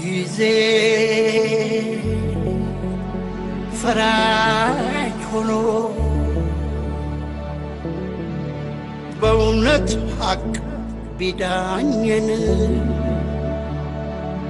ጊዜ ፈራጅ ሆኖ በእውነት ሐቅ ቢዳኘን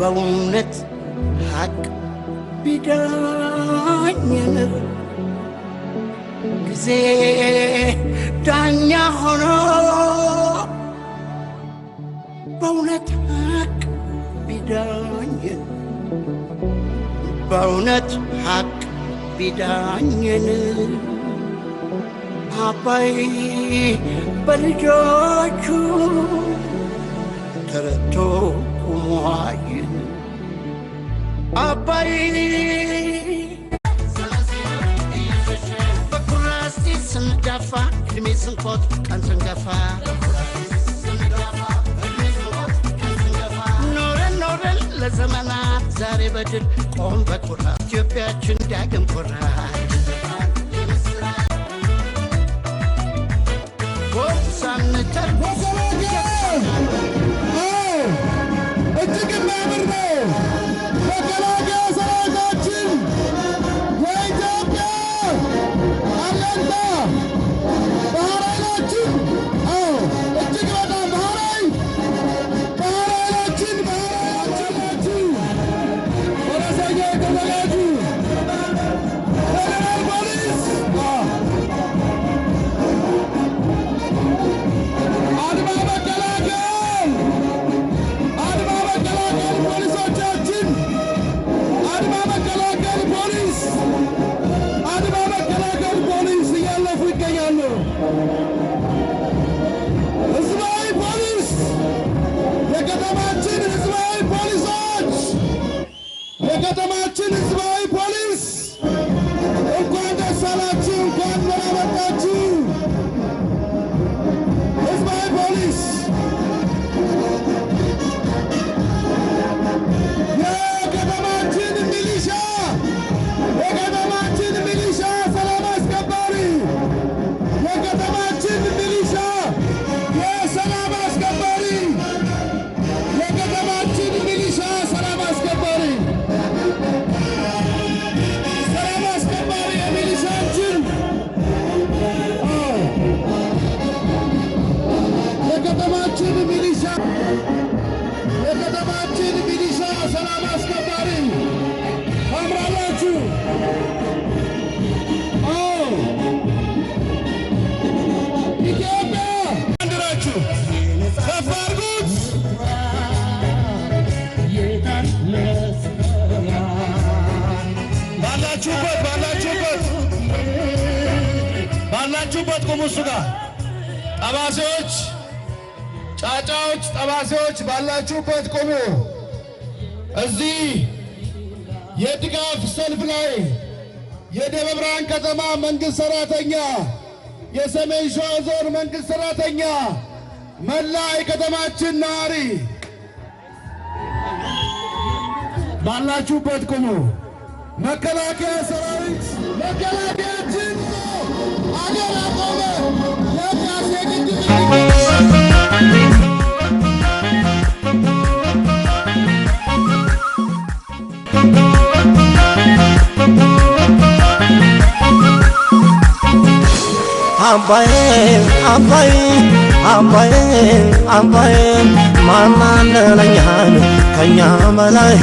በእውነት ሐቅ ቢዳኘን ጊዜ ዳኛ ሆኖ በእውነት ሐቅ ቢዳኝን በእውነት ሐቅ ቢዳኝን አባይ በልጆቹ ተረቶ ቁሟይን አባይ በኩራስቲ ስንዳፋ እድሜ ስንቆት ቀን ስንገፋ በድል ቆም በኩራት ኢትዮጵያችን ዳግም ኩራት የሰላም አስከባሪ ታምራላችሁ። ኢትዮጵያ ባንዲራችሁ ባላችሁበት ባላችሁበት ባላችሁበት ቁሙ። እሱ ጋር ጠባሴዎች፣ ጫጫዎች፣ ጠባሴዎች ባላችሁበት ቁሙ። እዚህ የድጋፍ ሰልፍ ላይ የደብረ ብርሃን ከተማ መንግሥት ሠራተኛ፣ የሰሜን ሸዋ ዞን መንግሥት ሠራተኛ፣ መላ የከተማችን ነዋሪ ባላችሁበት ቁሙ። መከላከያ ሰራዊት መከላከያችን አገር አቆመ ለዳሴ አባዬ አባዬ አባዬ አባዬ ማናለለኛል ከኛ በላይ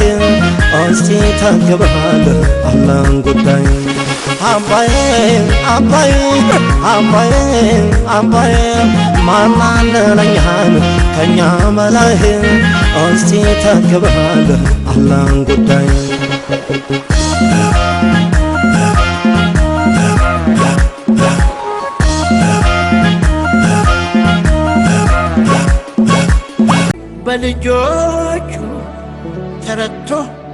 እስቲ ተግባል አላን ጉዳይ አባዬ አባዬ አባዬ አባዬ ማናለለኛል ከኛ በላይ እስቲ ተግባል አላን ጉዳይ በልጆቹ ተረቶ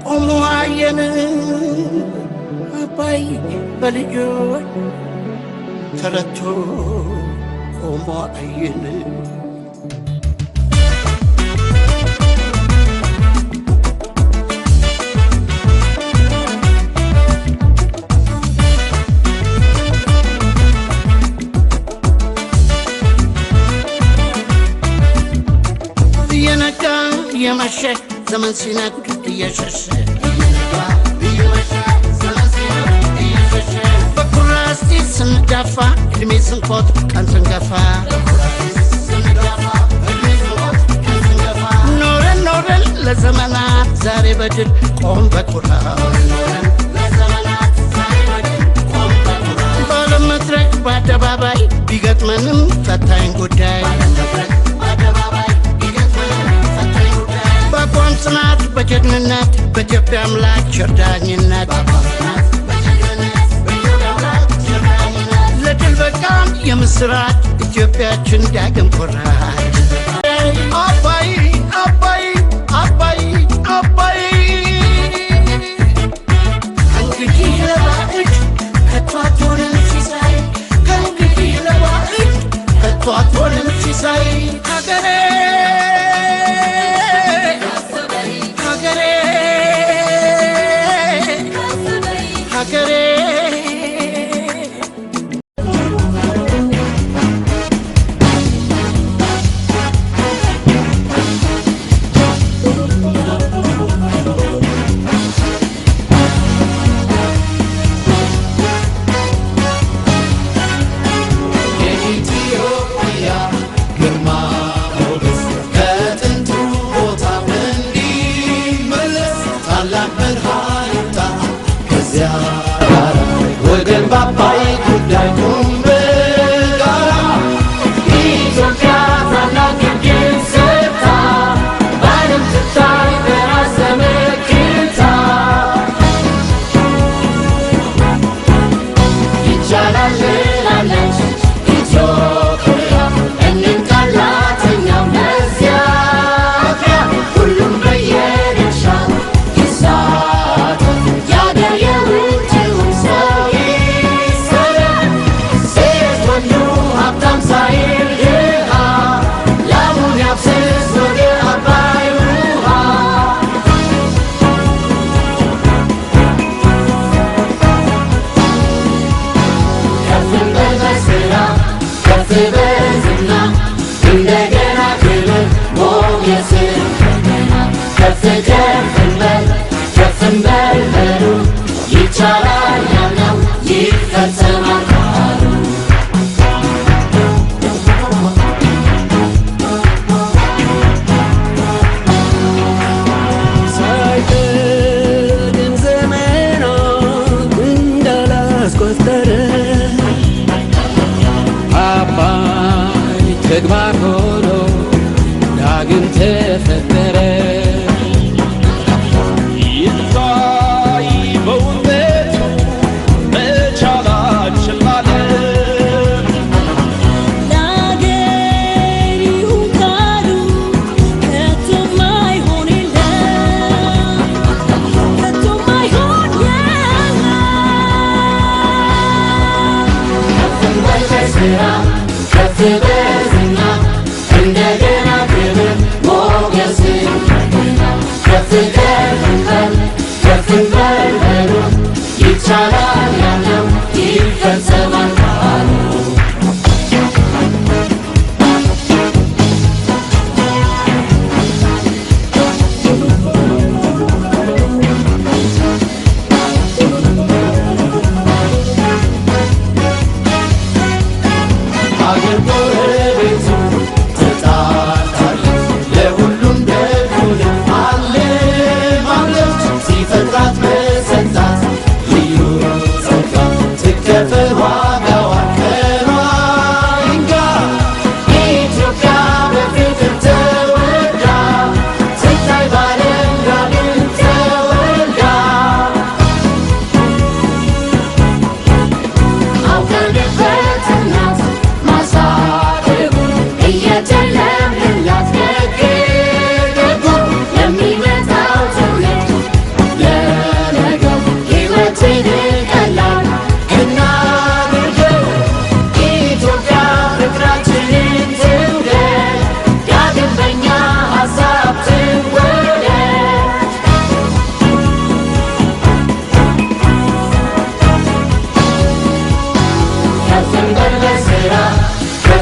ቆሞ አየን አባይ በልጆች ተረቶ ቆሞ አየን። እየመሸ ዘመን ሲነግድ እየሸሸ በኩራስቲ ስንዳፋ እድሜ ስንኮት ቀን ስንገፋ ኖረን ኖረን ለዘመናት ዛሬ በድል ቆም በኩራ ባለመድረክ በአደባባይ ቢገጥመንም ፈታኝ ጉዳይ የዓለም ጽናት በጀግንነት በኢትዮጵያ አምላክ ቸር ዳኝነት ለድል በቃን የምስራች ኢትዮጵያችን ዳግም ኩራት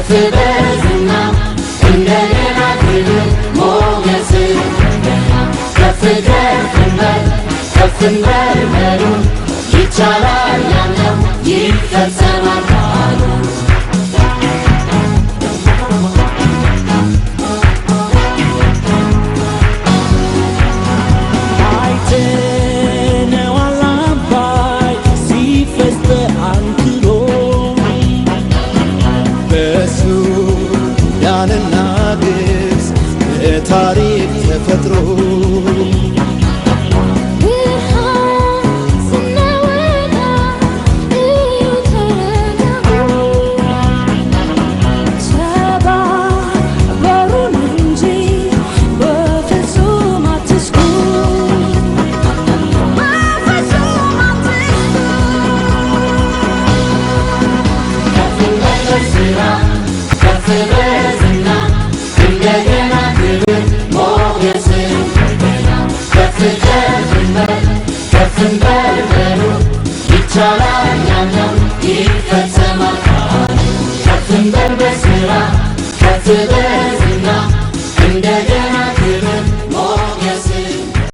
ከፍበዝና እንደገና ከፍ ከፍ እንበል ከፍ እንበል ይቻላል ያለው ይፈጸማል